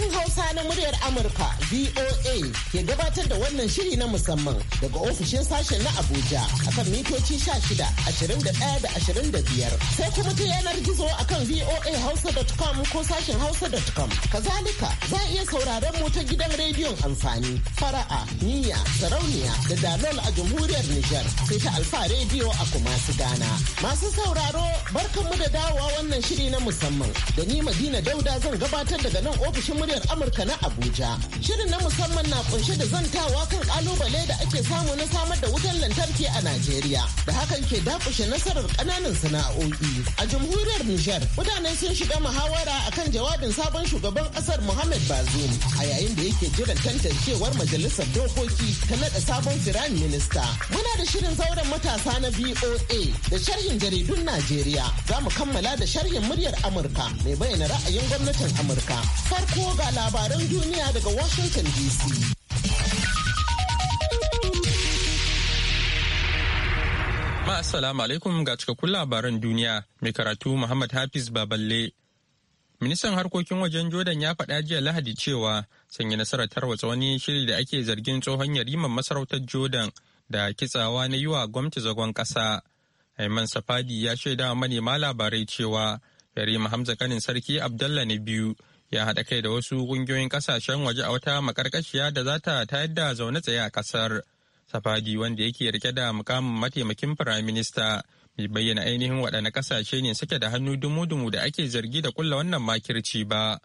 Sashin Hausa na muryar Amurka VOA ke gabatar da wannan shiri na musamman daga ofishin sashen na Abuja akan mitoci 16, 21 da biyar sai kuma ta yanar gizo a kan akan Hausa.com ko sashen hausa.com. Kazalika za a iya sauraron mu ta gidan rediyon amfani fara'a, niyya, sarauniya da dalol a jamhuriyar Nijar sai ta alfa rediyo a kuma su gana. Masu sauraro barkanmu da dawowa wannan shiri na musamman da ni Madina Dauda zan gabatar daga nan ofishin Radiyar Amurka na Abuja. Shirin na musamman na kunshe da zantawa kan kalubale da ake samu na samar da wutar lantarki a Najeriya. Da hakan ke dakushe nasarar kananan sana'o'i. A jamhuriyar Nijar, mutane sun shiga muhawara akan jawabin sabon shugaban kasar Muhammad Bazoum a yayin da yake jiran tantancewar majalisar dokoki ta nada sabon firayim minista. Muna da shirin zauren matasa na VOA da sharhin jaridun Najeriya. Za mu kammala da sharhin muryar Amurka mai bayyana ra'ayin gwamnatin Amurka. Farko ga labaran duniya daga Washington DC. Assalamu alaikum ga cikakkun labaran duniya mai karatu Muhammad Hafiz Baballe. Ministan harkokin wajen Jordan ya faɗa jiya Lahadi cewa sanya nasarar tarwatsa wani shiri da ake zargin tsohon yariman masarautar Jordan da kitsawa na yi wa gwamnati zagon ƙasa. Aiman Safadi ya shaida wa manema labarai cewa Yarima Hamza kanin sarki Abdallah na biyu ya haɗa kai da wasu ƙungiyoyin ƙasashen waje a wata makarkashiya da za ta tayar da zaune tsaye a ƙasar. safagi wanda yake rike da mukamin mataimakin firayim minista bai bayyana ainihin waɗanne ƙasashe ne suke da hannu dumu-dumu da ake zargi da kulla wannan makirci ba.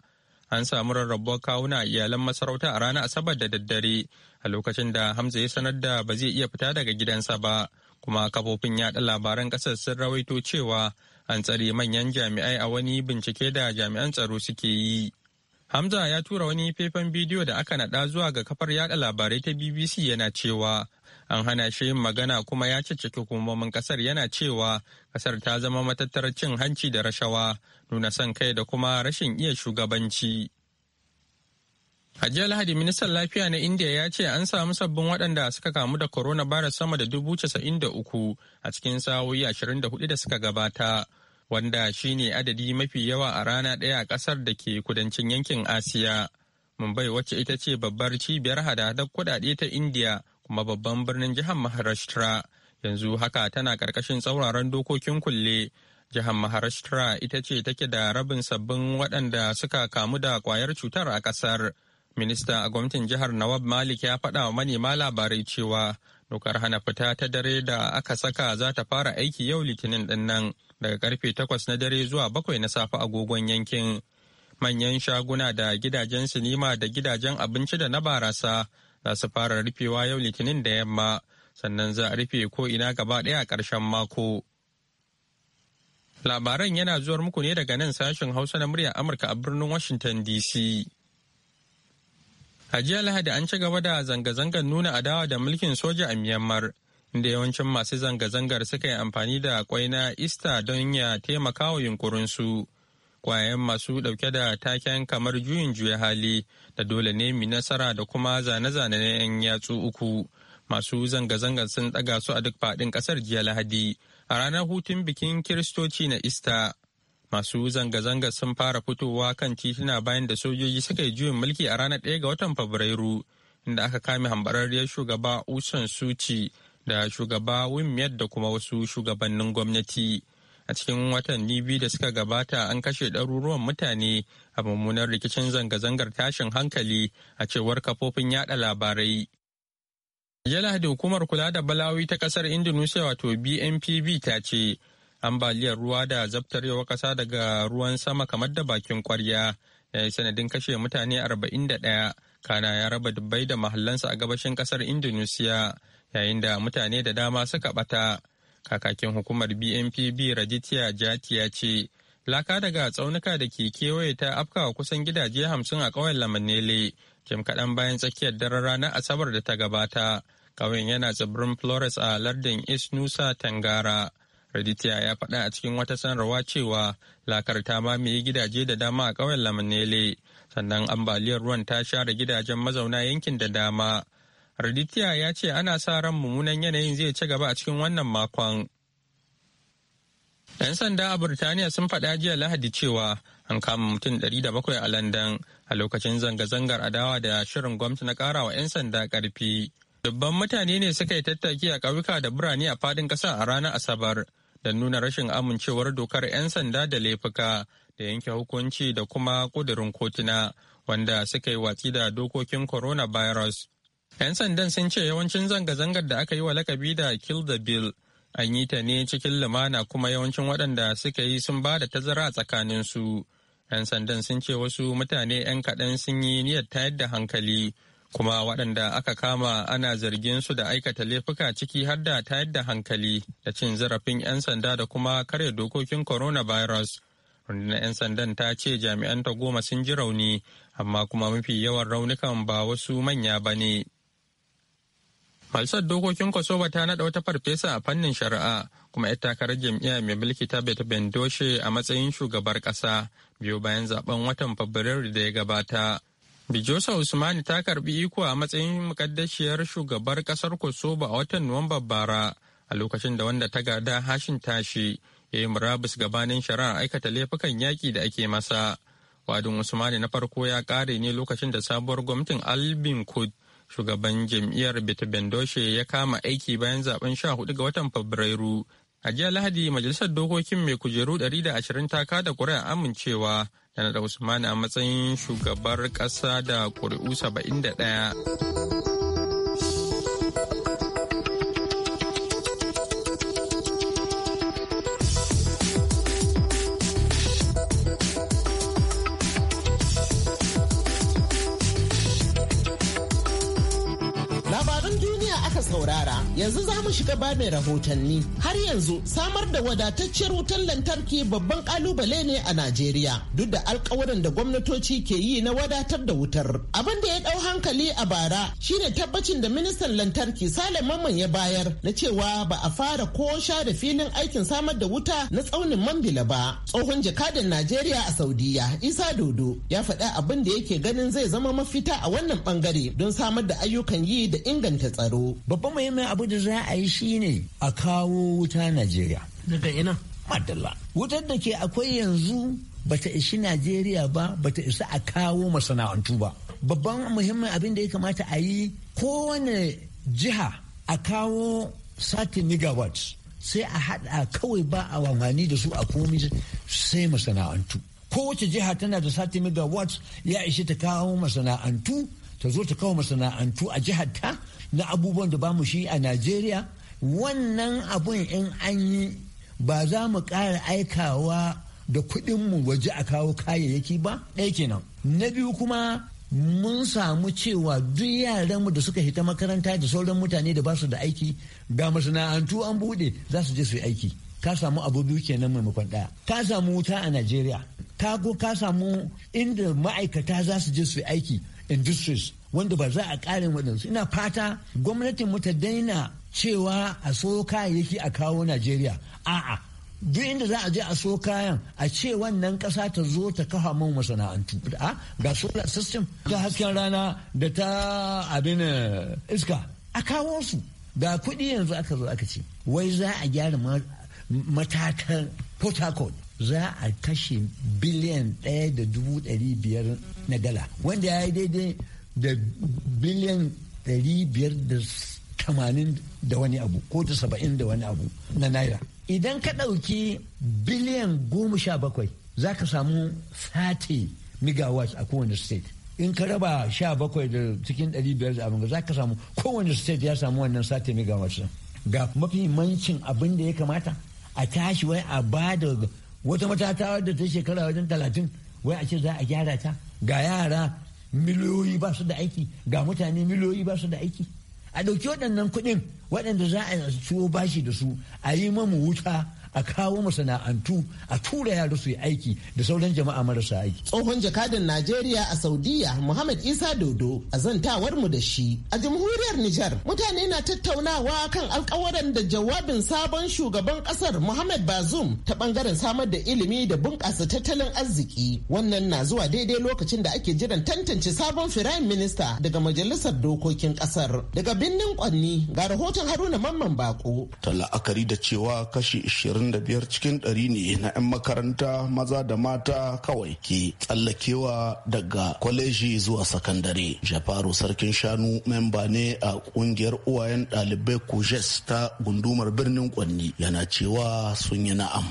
An samu rarrabuwar kawuna iyalan masarauta a ranar Asabar da daddare a lokacin da Hamza ya sanar da ba zai iya fita daga gidansa ba kuma kafofin yaɗa labaran ƙasar sun rawaito cewa an tsare manyan jami'ai a wani bincike da jami'an tsaro suke yi. Hamza ya tura wani faifan bidiyo da aka naɗa zuwa ga kafar yaɗa labarai ta BBC yana cewa an hana shi yin magana kuma ya cicciki hukumomin kasar yana cewa kasar ta zama matattarar cin hanci da rashawa nuna son kai da kuma rashin iya shugabanci A jiya Lahadi ministan lafiya na India ya ce an samu sabbin waɗanda suka kamu da coronavirus sama da dubu casa'in da uku a cikin sa'o'i ashirin da hudu da suka gabata, wanda shine adadi mafi yawa a rana ɗaya a ƙasar da ke kudancin yankin Asiya. Mumbai wacce ita ce babbar cibiyar hadadar kuɗaɗe ta India kuma babban birnin jihar Maharashtra. Yanzu haka tana ƙarƙashin tsauraran dokokin kulle. Jihar Maharashtra ita ce take da rabin sabbin waɗanda suka kamu da ƙwayar cutar a ƙasar. Minista a gwamnatin jihar Nawab Malik ya faɗa wa manema labarai cewa dokar hana fita ta dare da aka saka za ta fara aiki yau litinin ɗin nan daga karfe takwas na dare zuwa bakwai na safe agogon yankin. Manyan shaguna da gidajen sinima da gidajen abinci da na barasa za su fara rufewa yau litinin da yamma sannan za a rufe ko ina gaba ɗaya a ƙarshen mako. Labaran yana zuwar muku ne daga nan sashen Hausa na muryar Amurka a birnin Washington DC. A jiya Lahadi an ci gaba da zanga-zangar nuna adawa da mulkin soja a Myanmar, inda yawancin masu zanga-zangar suka yi amfani da kwai na Ista don ya taimaka wa yunkurinsu. Kwayan masu ɗauke da taken kamar juyin juya hali da dole ne mi nasara da kuma zane-zane na 'yan yatsu uku. Masu zanga-zangar sun ɗaga su a duk faɗin ƙasar jiya Lahadi a ranar hutun bikin Kiristoci na Ista. Masu zanga-zanga sun fara fitowa kan tituna bayan da sojoji suka yi juyin mulki a ranar 1 ga watan Fabrairu, inda aka kame hambararriyar shugaba Usan Suci da shugaba Wimiyar da kuma wasu shugabannin gwamnati. A cikin watanni biyu da suka gabata an kashe ɗaruruwan mutane a mummunar rikicin zanga-zangar tashin hankali a cewar kafofin yada labarai. Jiya hukumar kula da balawi ta kasar Indonesia wato BNPB ta ce ambaliyar ruwa da zabtarewa ƙasa daga ruwan sama kamar da bakin kwarya ya yi sanadin kashe mutane 41 kana ya raba dubbai da mahallansa a gabashin ƙasar indonesia yayin da mutane da dama suka bata kakakin hukumar bnpb rajitiya jati ya ce laka daga tsaunuka da ke kewaye ta afkawa kusan gidaje hamsin a ƙauyen lamanele jim kaɗan bayan tsakiyar daren ranar asabar da ta gabata ƙauyen yana tsibirin flores a lardin east nusa tangara Raditya ya faɗa a cikin wata sanarwa cewa lakar ta mamaye gidaje da dama a ƙauyen Lamanele, sannan ambaliyar ruwan ta share gidajen mazauna yankin da dama. Raditya ya ce ana sa ran mummunan yanayin zai ci gaba a cikin wannan makon. 'Yan sanda a Burtaniya sun faɗa jiya Lahadi cewa an kama mutum 700 a London a lokacin zanga-zangar adawa da shirin gwamnati na ƙara wa 'yan sanda ƙarfi. Dubban mutane ne suka yi tattaki a ƙauyuka da birane a faɗin ƙasa a ranar Asabar don nuna rashin amincewar dokar 'yan sanda da laifuka da yanke hukunci da kuma ƙudurin kotuna wanda suka yi watsi da dokokin coronavirus. 'Yan sandan sun ce yawancin zanga-zangar da aka yi wa lakabi da Kill the Bill an yi ta ne cikin lumana kuma yawancin waɗanda suka yi sun ba da tazara su 'Yan sandan sun ce wasu mutane 'yan kaɗan sun yi niyyar tayar da hankali kuma waɗanda aka kama ana zargin su da aikata laifuka ciki har da tayar da hankali da cin zarafin 'yan sanda da kuma karya dokokin coronavirus. rundunar 'yan sandan ta ce jami'an ta goma sun ji rauni amma kuma mafi yawan raunukan ba wasu manya ba ne. Falsar dokokin Kosova ta naɗa wata farfesa a fannin shari'a kuma ita takarar jam'iyya mai mulki ta Bet Bendoshe a matsayin shugabar ƙasa biyo bayan zaben watan Fabrairu da ya gabata. Bijosa Usmani ta karbi iko a matsayin mukaddashiyar shugabar kasar kosoba a watan Nuwamba bara a lokacin da wanda ta gada hashin tashi ya yi murabus gabanin shari'ar aikata laifukan yaƙi da ake masa. Wadin Usmani na farko ya ƙare ne lokacin da sabuwar gwamnatin Albin Kud shugaban jam'iyyar Betbendoshe ya kama aiki bayan zaben 14 ga watan Fabrairu A jiya Lahadi Majalisar Dokokin mai kujeru 120 ta kada kuri'a amincewa da naɗa Usmani a matsayin shugabar ƙasa da ƙuri'u 71. yanzu za mu shiga mai rahotanni har yanzu samar da wadatacciyar wutar lantarki babban kalubale ne a najeriya duk da alkawarin da gwamnatoci ke yi na wadatar da wutar abin da ya dau hankali a bara shine tabbacin da ministan lantarki sale maman ya bayar na cewa ba a fara ko share filin aikin samar da wuta na tsaunin mambila ba tsohon jakadan najeriya a saudiya isa dodo ya faɗa abin da yake ganin zai zama mafita a wannan bangare don samar da ayyukan yi da inganta tsaro babban muhimmin abin da za a yi shine a kawo wuta najeriya daga ina madalla wutar da ke akwai yanzu bata ishi najeriya ba bata isa a kawo masana'antu ba babban muhimmin abin da ya kamata a yi kowane jiha a kawo sati megawatt sai a haɗa kawai ba a wamani da su a komi sai masana'antu kowace jiha tana da sati megawatt ya ishi ta kawo masana'antu ta zo ta kawo masana'antu a jihar ta na abubuwan da bamu shi a najeriya wannan abun in an yi ba za mu ƙara aikawa da kuɗinmu waje a kawo kayayyaki ba ɗaya kenan na biyu kuma mun samu cewa duk yaranmu da suka hita makaranta da sauran mutane da ba su da aiki ga masana'antu an buɗe za su je su yi aiki ka samu abu biyu kenan maimakon ɗaya ka samu wuta a najeriya ka ka samu inda ma'aikata za su je su yi aiki industries wanda ba za a ƙarin waɗansu ina fata gwamnatin mu ta daina cewa a so kayayyaki a kawo najeriya a'a duk inda za a je a so kayan a ce wannan ƙasa ta zo ta kafa min masana'antu a ga solar system ta hasken rana da ta abin eh, iska a kawo su ga kuɗi yanzu aka zo aka ce wai za a gyara matakan port harcourt za a kashe biliyan ɗaya da dubu ɗari biyar na dala wanda ya yi daidai da biliyan ɗari biyar da tamanin da wani abu ko da saba'in da wani abu na naira idan ka ɗauki biliyan goma sha bakwai za ka samu sati megawatt a kowane state in ka raba sha bakwai da cikin ɗari biyar da abin za ka samu kowane state ya samu wannan sati megawatt ga mafi mancin abin da ya kamata a tashi wai a ba da wata ta wadda ta shekara wajen talatin wai a ce za a gyara ta ga yara miliyoyi ba su da aiki ga mutane miliyoyi ba su da aiki a ɗauki waɗannan kuɗin waɗanda za a ciwo bashi da su a yi mamu wuta a kawo masana'antu a tura yaro su yi aiki da sauran jama'a marasa aiki. Tsohon jakadan Najeriya a Saudiya Muhammad Isa Dodo a zantawar mu da shi. A jamhuriyar Nijar mutane na tattaunawa kan alkawaran da jawabin sabon shugaban kasar Muhammad Bazoum ta bangaren samar da ilimi da bunƙasa tattalin arziki. Wannan na zuwa daidai lokacin da ake jiran tantance sabon firayim minista daga majalisar dokokin kasar. Daga birnin Kwanni ga rahoton Haruna Mamman Bako. Ta la'akari da cewa kashi 20 25 cikin 100 ne na 'yan makaranta maza da mata kawai ke tsallakewa daga kwaleji zuwa sakandare. Jafaru Sarkin Shanu memba ne a kungiyar uwayen ɗalibai Kujes ta gundumar birnin Kwanni yana cewa sun yi na'am.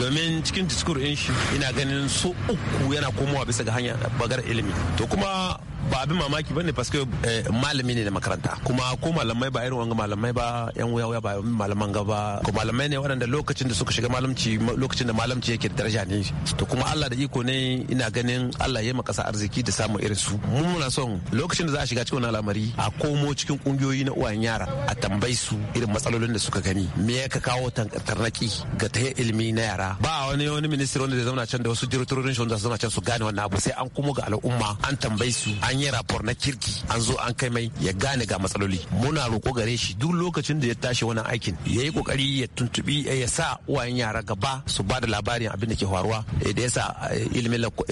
Domin cikin diskur shi ina ganin su uku yana komawa bisa ga hanya bagar ilimi. To kuma ba abin mamaki ba ne paske eh, malami ne na makaranta kuma ko malamai ba irin wanga malamai ba yan wuya wuya ba malaman gaba ko malamai ne waɗanda lokacin da suka shiga malamci lokacin da malamci yake da daraja ne to kuma Allah da iko ne ina ganin Allah ya maka arziki da samun irin su mun muna son lokacin da za a shiga cikin wannan al'amari a komo cikin kungiyoyi na uwayen yara a tambayi su irin matsalolin da suka gani me ya ka kawo tarnaki ga ta ilimi na yara ba wani wani ministry wanda zai zauna can da wasu direktorin shi wanda zauna can su gane wannan abu sai an kuma ga al'umma an tambayi su an an yi rapor na kirki an zo an kai mai ya gane ga matsaloli muna roko gare shi duk lokacin da ya tashi wani aikin ya yi kokari ya tuntubi eh, ya sa uwayen yara gaba su ba da labarin abin da ke faruwa eh, da ya sa eh,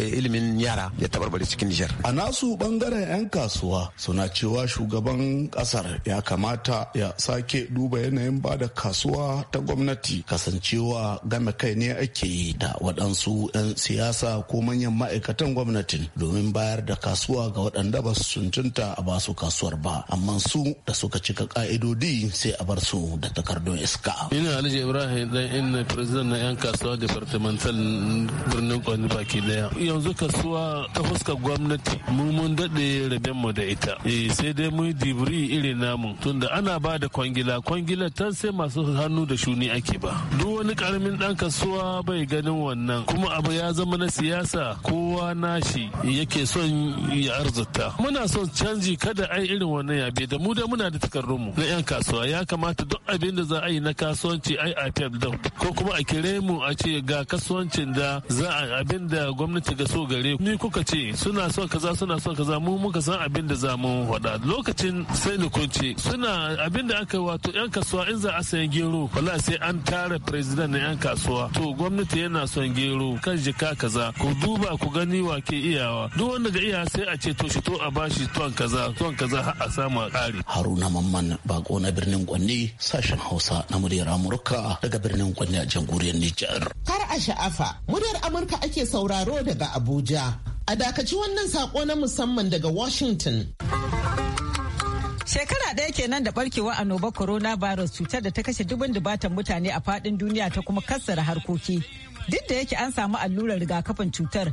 ilimin yara ya tabarbare cikin nijar a nasu bangaren 'yan kasuwa suna cewa shugaban kasar ya kamata ya sake duba yanayin ba da kasuwa ta gwamnati kasancewa game kai ne ake yi da waɗansu 'yan siyasa ko manyan ma'aikatan gwamnatin domin bayar da kasuwa ga waɗanda ba su cancanta a ba su kasuwar ba amma su da suka cika ka'idodi sai a bar su da takardun iska. ina alhaji ibrahim dan inna president na yan kasuwa departmental birnin kwani baki daya yanzu kasuwa ta fuskar gwamnati mu mun daɗe rabin mu da ita eh, sai dai mu dibiri iri namu tunda ana ba da kwangila kwangila ta sai masu hannu da shuni ake ba duk wani karamin dan kasuwa bai ganin wannan kuma abu ya zama na siyasa kowa nashi yake son ya arziki. azurta. muna son canji kada ai irin wannan yabe da mu da muna da mu na yan kasuwa ya kamata duk abin da za a yi na kasuwanci ai a da ko kuma a kire mu a ce ga kasuwancin da za a abin da gwamnati ga so gare ni kuka ce suna son kaza suna son kaza mu muka san abin da za mu faɗa lokacin sai ni kunce suna abin da aka wato yan kasuwa in za a sayan gero wala sai an tara president na yan kasuwa to gwamnati yana son gero kan jika kaza ku duba ku gani wa ke iyawa duk wanda ga iya sai a ce to shi to a bashi ton kaza ton kaza har a samu a kare haruna mamman bako na birnin gwanne sashen hausa na muryar amurka daga birnin gwanne a jamhuriyar nijar har a sha'afa muryar amurka ake sauraro daga abuja a dakaci wannan sako na musamman daga washington Shekara ɗaya kenan da barkewa corona virus cutar da ta kashe dubin dubatan mutane a faɗin duniya ta kuma kassara harkoki. Duk da yake an samu allurar rigakafin cutar,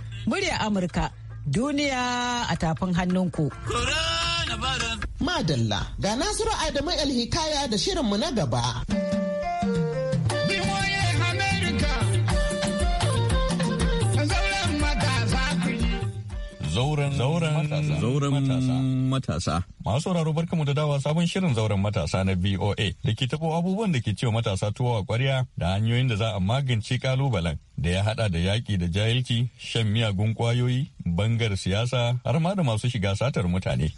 murya Amurka duniya a tafin hannunku. Madalla ga Nasiru Adamu alhikaya Hikaya da shirinmu na gaba. zauren matasa. Masu sauraro barkamu da dawa sabon shirin zauren matasa na VOA da ke tabo abubuwan da ke cewa matasa tuwa kwarya da hanyoyin da za a magance kalubalen da ya hada da yaƙi da jahilci, shan miyagun kwayoyi, bangar siyasa har ma da masu shiga satar mutane.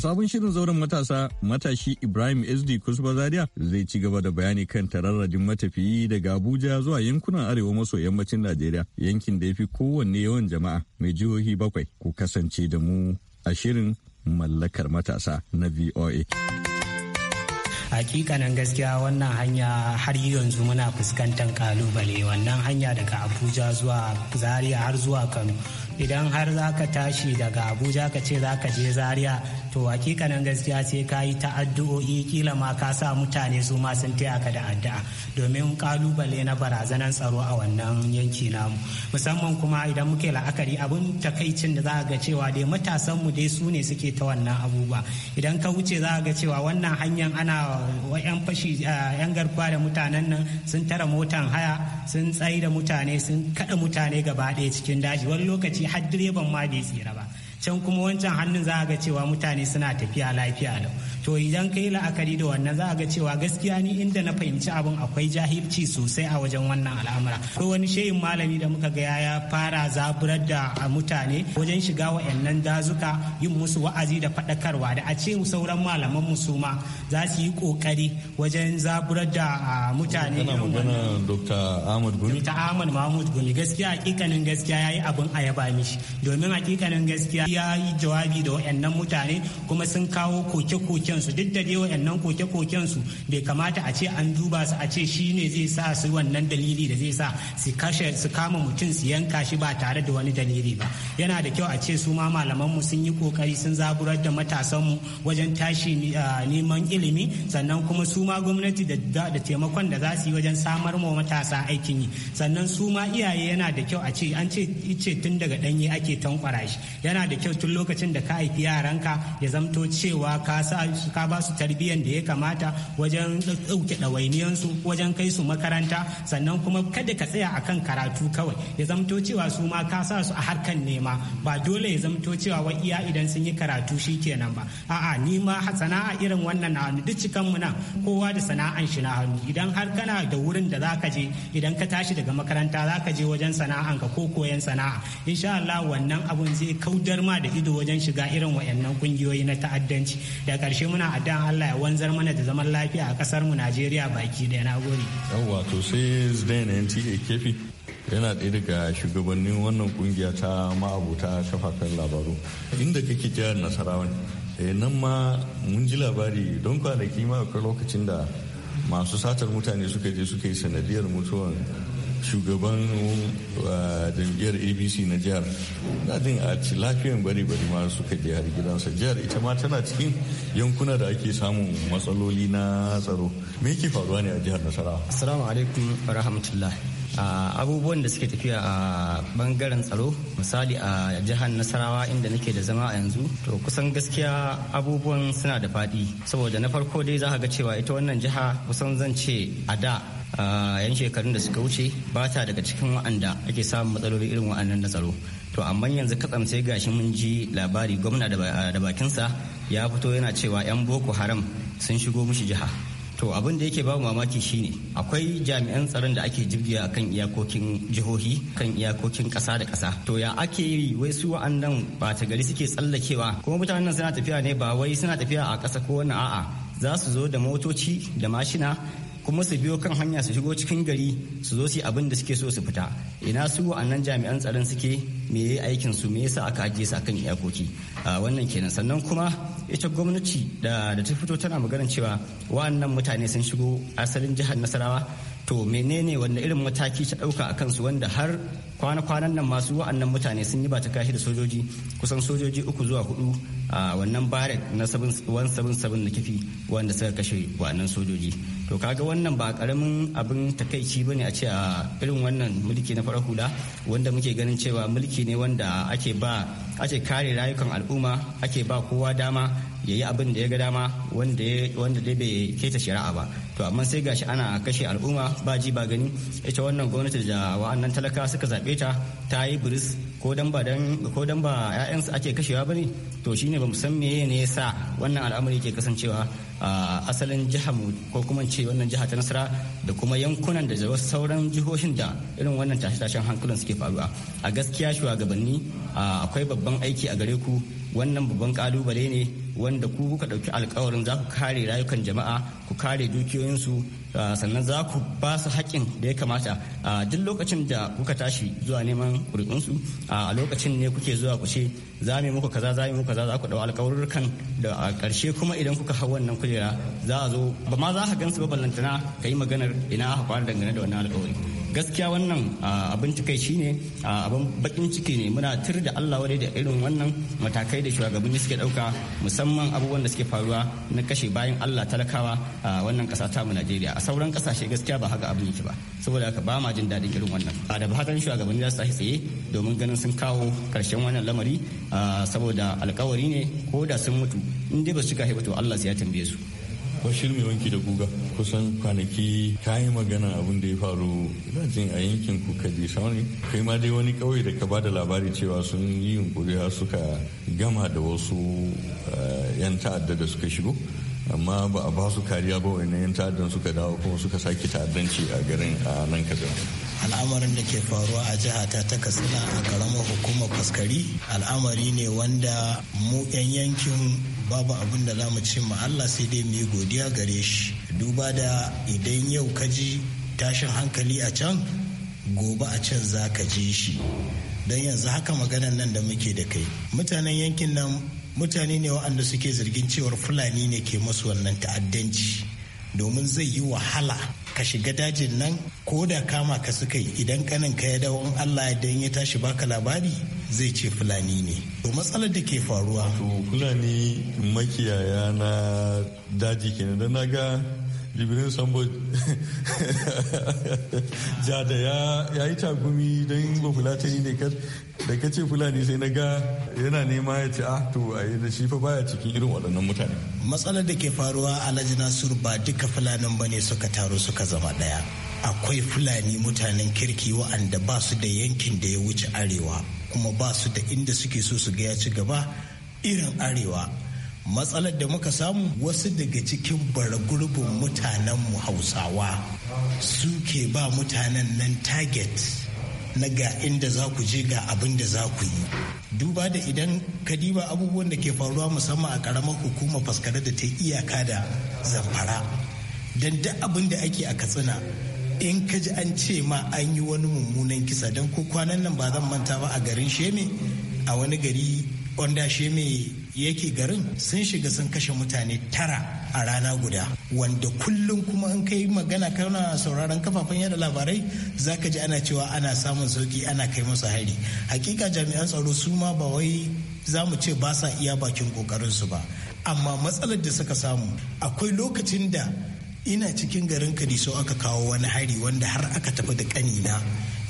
sabon shirin zauren matasa matashi Ibrahim SD Kusba Zaria zai ci gaba da bayani kan tararradin matafiyi daga Abuja zuwa yankunan arewa maso yammacin Najeriya yankin da ya fi kowanne yawan jama'a mai jihohi bakwai ku kasance da mu a shirin mallakar matasa na VOA. hakikanin gaskiya wannan hanya har yanzu muna fuskantar kalubale wannan hanya daga abuja zuwa zaria har zuwa kano idan har za ka tashi daga abuja ka ce za ka je zaria to nan gaskiya sai ka yi ta kila ma ka sa mutane su ma sun taya ka da addu'a domin kalubale na barazanan tsaro a wannan yanki namu musamman kuma idan muke la'akari abun takaicin da za ga cewa dai matasan mu dai su ne suke ta wannan abubuwa idan ka wuce za ga cewa wannan hanyar ana yan fashi yan garkuwa da mutanen nan sun tara motan haya sun tsayi da mutane sun kada mutane gaba ɗaya cikin daji wani lokaci har direban ma bai tsira ba can kuma wancan hannun za a ga cewa mutane suna tafiya lafiya lau to idan ka yi la'akari da wannan za a ga cewa gaskiya ni inda na fahimci abin akwai jahilci sosai a wajen wannan al'amura ko wani shehin malami da muka ga ya fara zaburar da mutane wajen shiga wa'annan dazuka yin musu wa'azi da faɗakarwa da a ce sauran malaman ma za su yi kokari wajen zaburar da mutane dr ahmad gumi dr ahmad mahmud gumi gaskiya hakikanin gaskiya yayi abin a yaba mishi domin hakikanin gaskiya ya yi jawabi da wa'annan mutane kuma sun kawo koke-koken kansu duk da dai wayannan koke-koken su bai kamata a ce an duba su a ce shi ne zai sa su wannan dalili da zai sa su kashe su kama mutum su yanka shi ba tare da wani dalili ba yana da kyau a ce su ma malaman mu sun yi kokari sun zaburar da matasan mu wajen tashi neman ilimi sannan kuma su ma gwamnati da taimakon da za su yi wajen samar ma matasa aikin yi sannan su ma iyaye yana da kyau a ce an ce ice tun daga danye ake tankwara shi yana da kyau tun lokacin da ka haifi yaranka ya zamto cewa ka sa ka ba su tarbiyyar da ya kamata wajen ɗauke ɗawainiyansu wajen kai su makaranta sannan kuma kada ka tsaya akan karatu kawai ya zamto cewa su ma ka sa su a harkan nema ba dole ya zamto cewa wa iya idan sun yi karatu shi kenan ba a'a ni ma sana'a irin wannan na duk cikan mu na kowa da sana'an shi na hannu idan har kana da wurin da zaka je idan ka tashi daga makaranta zaka je wajen sana'an ka ko koyan sana'a insha Allah wannan abun zai kaudar ma da ido wajen shiga irin wayannan kungiyoyi na ta'addanci da karshe muna addan Allah ya wanzar mana da zaman lafiya a kasar mu Najeriya baki da na gode. Yawwa to sai Zidane NTA kefi yana ɗaya daga shugabannin wannan kungiya ta ma'abuta kafafen labaru inda kake jihar Nasarawa eh, nan ma mun ji labari don kwanaki ma lokacin da masu satar mutane suka je suka yi sanadiyar mutuwan shugaban ah, jam'iyyar abc na jihar na jin a lafiyan bari bari ma suka je har gidansa jihar ita ma tana cikin yankuna da ake samun matsaloli na tsaro me yake faruwa ne a jihar nasara. assalamu alaikum rahmatulah. abubuwan da suke tafiya a bangaren tsaro misali a jihar nasarawa inda nake da zama a yanzu to kusan gaskiya abubuwan suna da faɗi saboda na farko dai za ga cewa ita wannan jiha kusan zan ce a da a yan shekarun da suka wuce ba ta daga cikin wa'anda ake samun matsaloli irin wa'annan na tsaro to amma yanzu katsam sai gashi mun ji labari gwamna da bakinsa ya fito yana cewa yan boko haram sun shigo mushi jiha to abin da yake babu mamaki shine akwai jami'an tsaron da ake jirgiya kan iyakokin jihohi kan iyakokin kasa da kasa to ya ake yi wai su wa'annan ba ta gari suke tsallakewa kuma mutanen suna tafiya ne ba wai suna tafiya a kasa ko wani a'a za su zo da motoci da mashina kuma su biyo kan hanya su shigo cikin gari su zo su yi abin da suke so su fita ina su wa'annan jami'an tsaron suke me aikin su me yasa aka ajiye su akan iyakoki wannan kenan sannan kuma ita gwamnati da ta fito tana maganar cewa wa'annan mutane sun shigo asalin jihar nasarawa to menene wanda irin mataki ta ɗauka a kansu wanda har kwana-kwanan nan masu wa'annan mutane sun yi ba ta kashi da sojoji kusan sojoji uku zuwa hudu a wannan barak na 177 na kifi wanda suka kashe wa'annan sojoji to kaga wannan ba karamin abin takaici bane a ce a irin wannan mulki na farar hula wanda muke ganin cewa mulki ne wanda ake ba ake kare rayukan al'umma ake ba kowa dama ya yi abin da ya ga dama wanda dai bai keta shari'a ba to amma sai gashi ana kashe al'umma ba ji ba gani ita wannan gwamnati da wa'annan talaka suka zaɓe ta ta yi biris ko dan ba dan ko dan ba ƴaƴansu ake kashewa bane to shine bamu san meye ne yasa wannan al'amari ke kasancewa a asalin jihar ko kuma ce wannan jiha ta nasara da kuma yankunan da wasu sauran jihohin da irin wannan tashe-tashen hankulan suke faruwa a gaskiya shugabanni akwai babban aiki a gare ku wannan babban kalubale ne wanda ku kuka ɗauki alkawarin za ku kare rayukan jama'a ku kare dukiyoyinsu sannan za ku ba su haƙƙin da ya kamata a duk lokacin da kuka tashi zuwa neman ƙuri'unsu a lokacin ne kuke zuwa ku ce za mu muku kaza za mu muku kaza za ku ɗau alkawarurkan da a ƙarshe kuma idan kuka hau wannan kujera za a zo ba ma za ka gansu ba ballantana ka yi maganar ina ka kwana dangane da wannan alkawari gaskiya wannan abin cikai ne abin bakin ciki ne muna tur da Allah wadai da irin wannan matakai da shugabanni suke dauka musamman abubuwan da suke faruwa na kashe bayan Allah talakawa a wannan kasa ta mu Najeriya a sauran kasashe gaskiya ba haka abin yake ba saboda haka ba ma jin daɗin irin wannan da fatan shugabanni za su tashi tsaye domin ganin sun kawo karshen wannan lamari saboda alkawari ne ko da sun mutu in dai ba su ka ba to Allah sai ya tambaye su bashir mai wanki da guga kusan kwanaki ka yi magana abin da ya faru ina a yankin ku kaji ne kai ma dai wani kauye da ka ba da labari cewa sun yi yunkuri har suka gama da wasu eh, yan ta'adda da suka shigo amma ba a ba su kariya ba wani yan ta'addan suka dawo kuma suka sake ta'addanci a garin a nan kaza al'amarin da ke faruwa a jiha ta katsina a karamar hukumar faskari al'amari ne wanda mu 'yan yankin babu abin da za mu ma allah sai dai mu yi godiya gare shi duba da idan yau ka ji tashin hankali a can gobe a can za ka ji shi don yanzu haka maganan nan da muke da kai mutanen yankin nan mutane ne waɗanda suke zargin cewar fulani ne ke masu wannan ta'addanci domin zai yi wahala ka shiga dajin nan ko da kama ka suka yi idan kanin ka ya dawo in Allah ya dan ya tashi baka labari zai ce fulani ne to matsalar da ke faruwa to fulani makiyaya na daji kenan dan naga jibirin sambo jada ya yi tagumi don ba yi ne da ka ce fulani sai na ga yana nema ya ce ah to a yi da shi fa baya cikin irin waɗannan mutane matsalar da ke faruwa a nasiru ba duka fulanin ne suka taru suka zama ɗaya akwai fulani mutanen kirki wa'anda ba su da yankin da ya wuce arewa kuma ba su da inda suke so su ga ci gaba irin arewa matsalar da muka samu wasu daga cikin mutanen mu hausawa ke ba mutanen nan target na ga inda za ku je ga abin da za ku yi duba da idan kadiba abubuwan da ke faruwa musamman a karamar hukuma faskare da ta iyaka da zamfara don duk abin da ake a katsina in ka ji an ce ma an yi wani mummunan kisa don ko kwanan nan ba zan manta ba a garin sheme a wani gari wanda shi mai yake garin sun shiga sun kashe mutane tara a rana guda wanda kullum kuma in kai magana kana sauraron kafafen yada labarai zaka ji ana cewa ana samun sauki ana kai masa hari hakika jami'an tsaro su ma ba wai za mu ce ba sa iya bakin kokarin su ba amma matsalar da suka samu akwai lokacin da ina cikin garin kadiso aka kawo wani hari wanda har aka tafi da kanina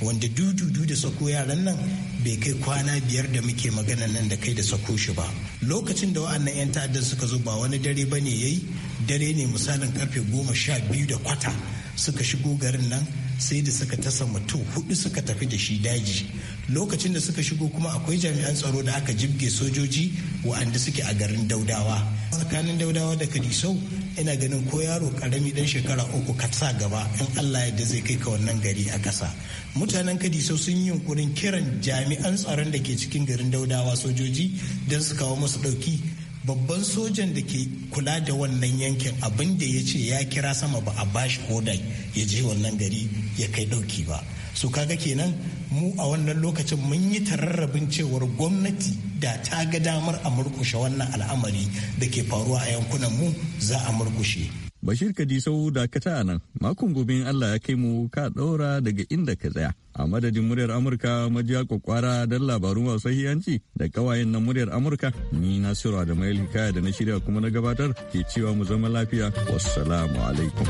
wanda dududu da sako yaran nan bai kai kwana biyar da muke magana nan da kai da sako shi ba lokacin da wa'annan 'yan ta'addan suka zo ba wani dare ba ne yayi dare ne misalin karfe goma sha biyu da kwata suka shigo garin nan sai da suka tasa mutum hudu suka tafi da shi daji lokacin da suka shigo kuma akwai jami'an tsaro da aka jibge sojoji wa'anda suke a garin daudawa tsakanin daudawa da kadisau ina ganin ko yaro karami dan shekara uku ka sa gaba in allah yadda zai kai ka wannan gari a kasa mutanen kadisau sun yi yunkurin kiran jami'an tsaron da ke cikin garin daudawa sojoji don su kawo masu dauki babban sojan da ke kula da wannan yankin abin da ya ce ya kira sama ba a bashi kodai ya je wannan gari ya kai dauki ba so kaga kenan mu a wannan lokacin mun yi tararrabin cewar gwamnati da ta ga damar a murkushe wannan al'amari da ke faruwa a yankunan mu za a murkushe Bashir Kadisau dakata a nan makon gobe Allah ya kai mu ka ɗaura daga inda ka tsaya. A madadin muryar Amurka majiya kwakwara don labarun masu sahihanci da kawayen na muryar Amurka ni na Nasiru da Hikaya da na shirya kuma na gabatar ke cewa mu zama lafiya. Wassalamu alaikum.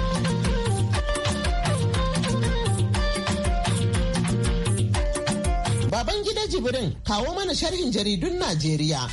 jibirin kawo mana sharhin jaridun Najeriya.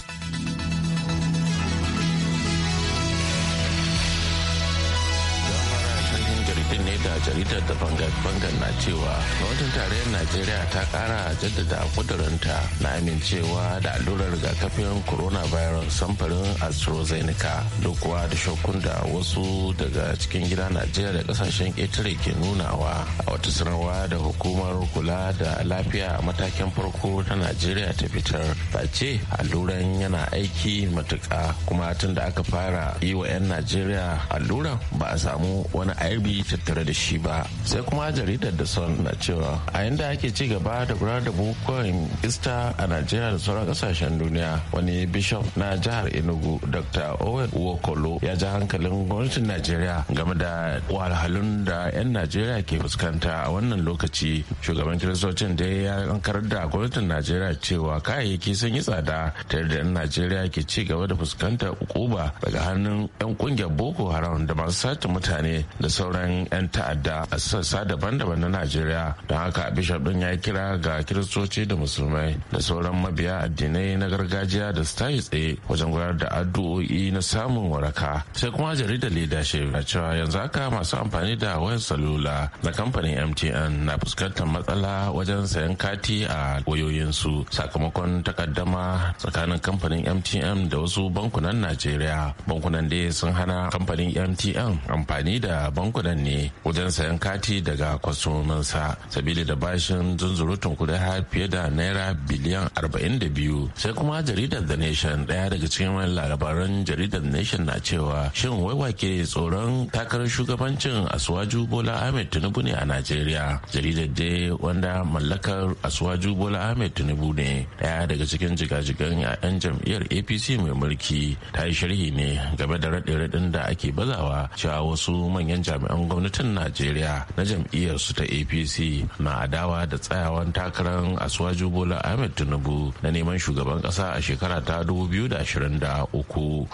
jaridar da bangan na cewa gwamnatin tarayyar najeriya ta kara jaddada kudurinta na amincewa da allurar rigakafin coronavirus samfarin astrazeneca duk wa da shakkun da wasu daga cikin gida najeriya da kasashen ƙetare ke nunawa a wata sanarwa da hukumar kula da lafiya a matakin farko ta najeriya ta fitar face alluran yana aiki matuka, kuma tun da aka fara yi wa 'yan najeriya alluran ba a samu wani aibi tattare da shi shi ba sai kuma jaridar da son na cewa a yanda ake ci gaba da gudanar da bukukuwan ista a najeriya da sauran kasashen duniya wani bishop na jihar enugu dr owen wokolo ya ji hankalin gwamnatin najeriya game da wahalhalun da 'yan najeriya ke fuskanta a wannan lokaci shugaban kiristocin da ya ankar da gwamnatin najeriya cewa kayayyaki sun yi tsada ta yadda 'yan najeriya ke ci gaba da fuskantar ukuba daga hannun 'yan kungiyar boko haram da masu sace mutane da sauran 'yan ta'adda da a sassa daban-daban na najeriya don haka bishop din ya kira ga kiristoci da musulmai da sauran mabiya addinai na gargajiya da su tashi tsaye wajen gudanar da addu'o'i na samun waraka sai kuma jaridar leadership na cewa yanzu haka masu amfani da wayar salula na kamfanin mtn na fuskantar matsala wajen sayan kati a wayoyinsu sakamakon takaddama tsakanin kamfanin mtn da wasu bankunan najeriya bankunan dai sun hana kamfanin mtn amfani da bankunan ne wajen yin sayan kati daga kwastomansa sabili da bashin zunzurutun kudin har fiye da naira biliyan 42 sai kuma jaridar the nation daya daga cikin wani labaran jaridar the nation na cewa shin waiwa ke tsoron takarar shugabancin asuwaju bola ahmed tinubu ne a najeriya jaridar da wanda mallakar asuwaju bola ahmed tinubu ne daya daga cikin jigajigan yan jam'iyyar apc mai mulki ta yi sharhi ne game da raɗe-raɗin da ake bazawa cewa wasu manyan jami'an gwamnatin najeriya najeriya na jam'iyyar su ta apc na adawa da tsayawan takarar asuwaju bola ahmed tinubu na neman shugaban kasa a shekara ta 2023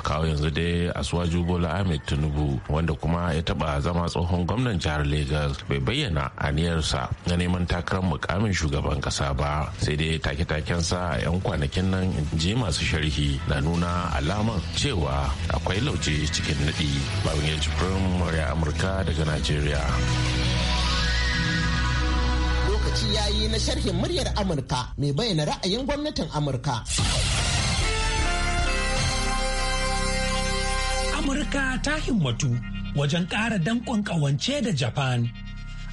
kawo yanzu dai asuwaju bola ahmed tinubu wanda kuma ya taba zama tsohon gwamnan jihar lagos bai bayyana aniyarsa na neman takarar mukamin shugaban kasa ba sai dai take-takensa a 'yan kwanakin nan je masu sharhi na nuna alamar cewa akwai lauje cikin nadi babin yaji firin murya amurka daga najeriya Lokaci ya yi na sharhin muryar Amurka mai bayyana ra'ayin gwamnatin Amurka. Amurka ta himmatu wajen ƙara danƙon ƙawance da Japan.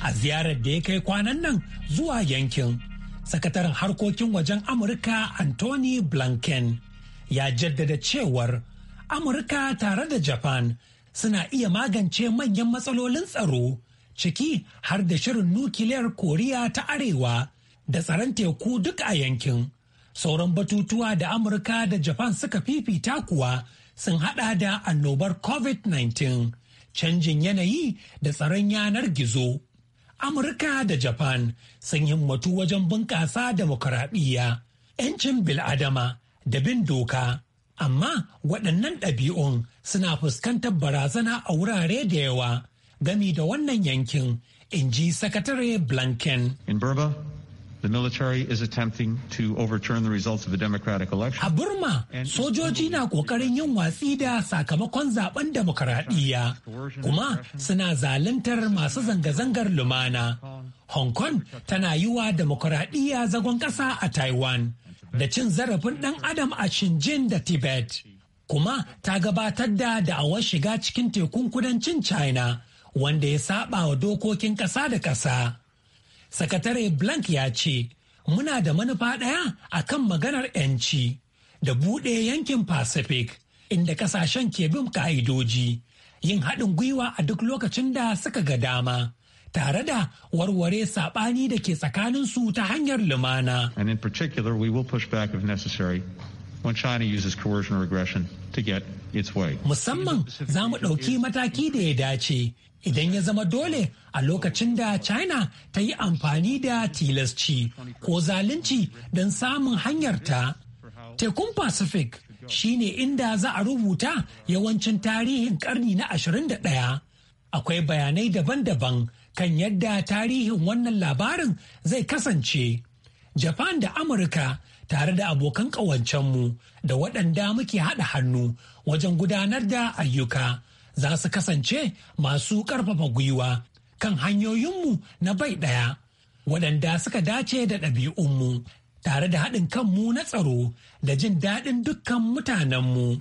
A ziyarar da ya kai kwanan nan zuwa yankin, sakataren harkokin wajen Amurka Anthony Blanken, ya jaddada cewar Amurka tare da Japan suna iya magance manyan matsalolin tsaro ciki har da shirin nukiliyar koriya ta arewa da tsaron teku duk a yankin sauran batutuwa da amurka da japan suka fifita kuwa sun hada da annobar covid-19 canjin yanayi da tsaron yanar gizo amurka da japan sun himmatu wajen bunƙasa demokuraɗiyya 'yancin bil'adama da bin doka amma waɗannan ɗabi'un suna fuskantar barazana a wurare da yawa gami da wannan yankin, in ji Sakatare Blanken. In is attempting to overturn the results of A Burma, sojoji na kokarin yin watsi da sakamakon zaben demokaradiyya, kuma suna zaluntar masu zanga-zangar lumana. Hong Kong tana yi wa zagon ƙasa a Taiwan, da cin zarafin ɗan adam a Shinjin da Tibet. Kuma ta gabatar da da'awar shiga cikin tekun kudancin China wanda ya saba wa dokokin ƙasa da ƙasa. Sakatare Blank ya ce, Muna da manufa ɗaya a kan maganar 'yanci da buɗe yankin Pacific inda ƙasashen ke bin ka'idoji, yin haɗin gwiwa a duk lokacin da suka ga dama. tare da warware saɓani da ke tsakaninsu ta hanyar lumana. And particular, we will push when China uses coercion or to get its way. Musamman za mu ɗauki mataki da ya dace idan ya zama dole a lokacin da China ta yi amfani da tilasci ko zalunci don samun hanyarta. Tekun Pacific shine inda za a rubuta yawancin tarihin karni na 21. Akwai bayanai daban-daban kan yadda tarihin wannan labarin zai kasance. Japan da Amurka tare da abokan ƙawancenmu da waɗanda muke haɗa hannu wajen gudanar da ayyuka za su kasance masu ƙarfafa gwiwa kan hanyoyinmu na bai ɗaya waɗanda suka dace da ɗabi'unmu tare da haɗin kanmu na tsaro da jin daɗin dukkan mutanenmu.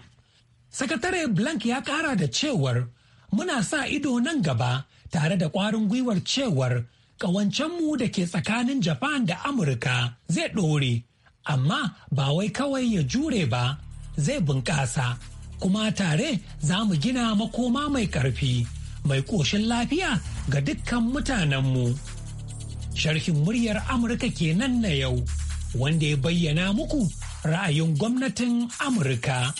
Sakatare Blank ya ƙara da cewar muna sa ido nan gaba tare da ƙwarin gwiwar cewar ƙawancenmu da ke tsakanin Japan da Amurka zai ɗore amma ba wai kawai ya jure ba zai bunƙasa kuma tare za mu gina makoma mai ƙarfi mai ƙoshin lafiya ga dukkan mutanenmu. Sharhin muryar Amurka kenan na yau wanda ya bayyana muku ra'ayin gwamnatin Amurka.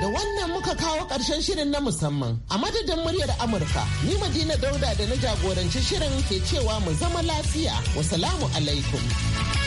Da wannan muka kawo ƙarshen shirin na musamman. A madadin muryar Amurka, ni Madina Dauda da na jagoranci shirin ke cewa mu zama lafiya. Wasalamu alaikum.